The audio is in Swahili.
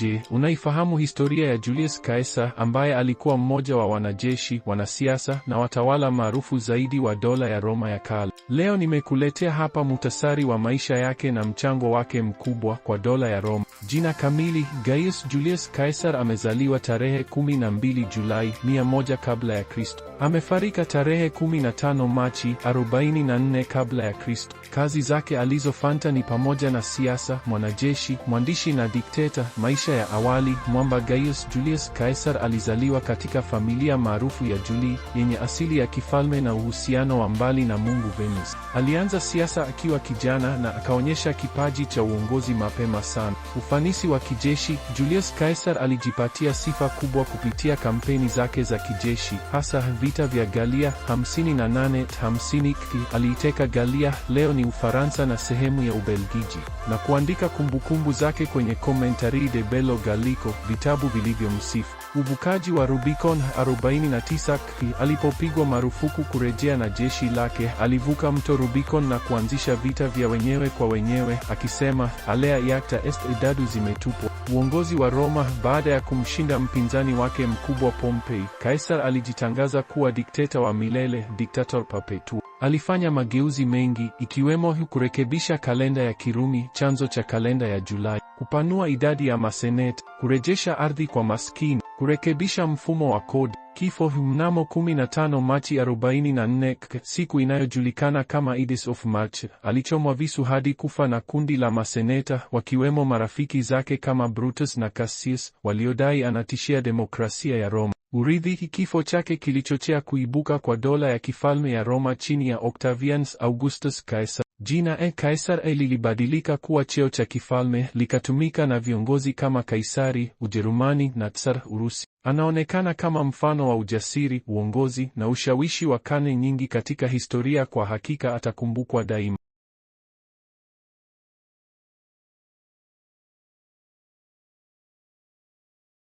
Je, unaifahamu historia ya Julius Caesar ambaye alikuwa mmoja wa wanajeshi, wanasiasa na watawala maarufu zaidi wa dola ya Roma ya kale? Leo nimekuletea hapa muhtasari wa maisha yake na mchango wake mkubwa kwa dola ya Roma. Jina kamili Gaius Julius Caesar amezaliwa tarehe 12 Julai 100 kabla ya Kristo. Amefarika tarehe 15 Machi 44 kabla ya Kristo. Kazi zake alizofanta ni pamoja na siasa, mwanajeshi, mwandishi na dikteta. Maisha Maisha ya awali: mwamba Gaius Julius Caesar alizaliwa katika familia maarufu ya Julii yenye asili ya kifalme na uhusiano wa mbali na mungu Venus. Alianza siasa akiwa kijana na akaonyesha kipaji cha uongozi mapema sana. Ufanisi wa kijeshi: Julius Caesar alijipatia sifa kubwa kupitia kampeni zake za kijeshi, hasa vita vya Galia 58 50. Aliiteka Galia, leo ni Ufaransa na sehemu ya Ubelgiji, na kuandika kumbukumbu zake kwenye Commentary de Belo Gallico, vitabu vilivyomsifu uvukaji wa Rubicon 49. Alipopigwa marufuku kurejea na jeshi lake, alivuka mto Rubicon na kuanzisha vita vya wenyewe kwa wenyewe, akisema alea yacta est idadu zimetupwa. Uongozi wa Roma. Baada ya kumshinda mpinzani wake mkubwa Pompei, Kaisar alijitangaza kuwa dikteta wa milele, dictator perpetuo. Alifanya mageuzi mengi ikiwemo kurekebisha kalenda ya Kirumi, chanzo cha kalenda ya Julai, kupanua idadi ya maseneta, kurejesha ardhi kwa maskini, kurekebisha mfumo wa kodi. Kifo mnamo 15 Machi 44, siku inayojulikana kama Ides of March, alichomwa visu hadi kufa na kundi la maseneta, wakiwemo marafiki zake kama Brutus na Cassius, waliodai anatishia demokrasia ya Roma. Urithi kifo chake kilichochea kuibuka kwa dola ya kifalme ya Roma chini ya Octavians Augustus Caesar. Jina e Caesar e lilibadilika kuwa cheo cha kifalme, likatumika na viongozi kama Kaisari Ujerumani na Tsar Urusi. Anaonekana kama mfano wa ujasiri, uongozi na ushawishi wa karne nyingi katika historia. Kwa hakika atakumbukwa daima.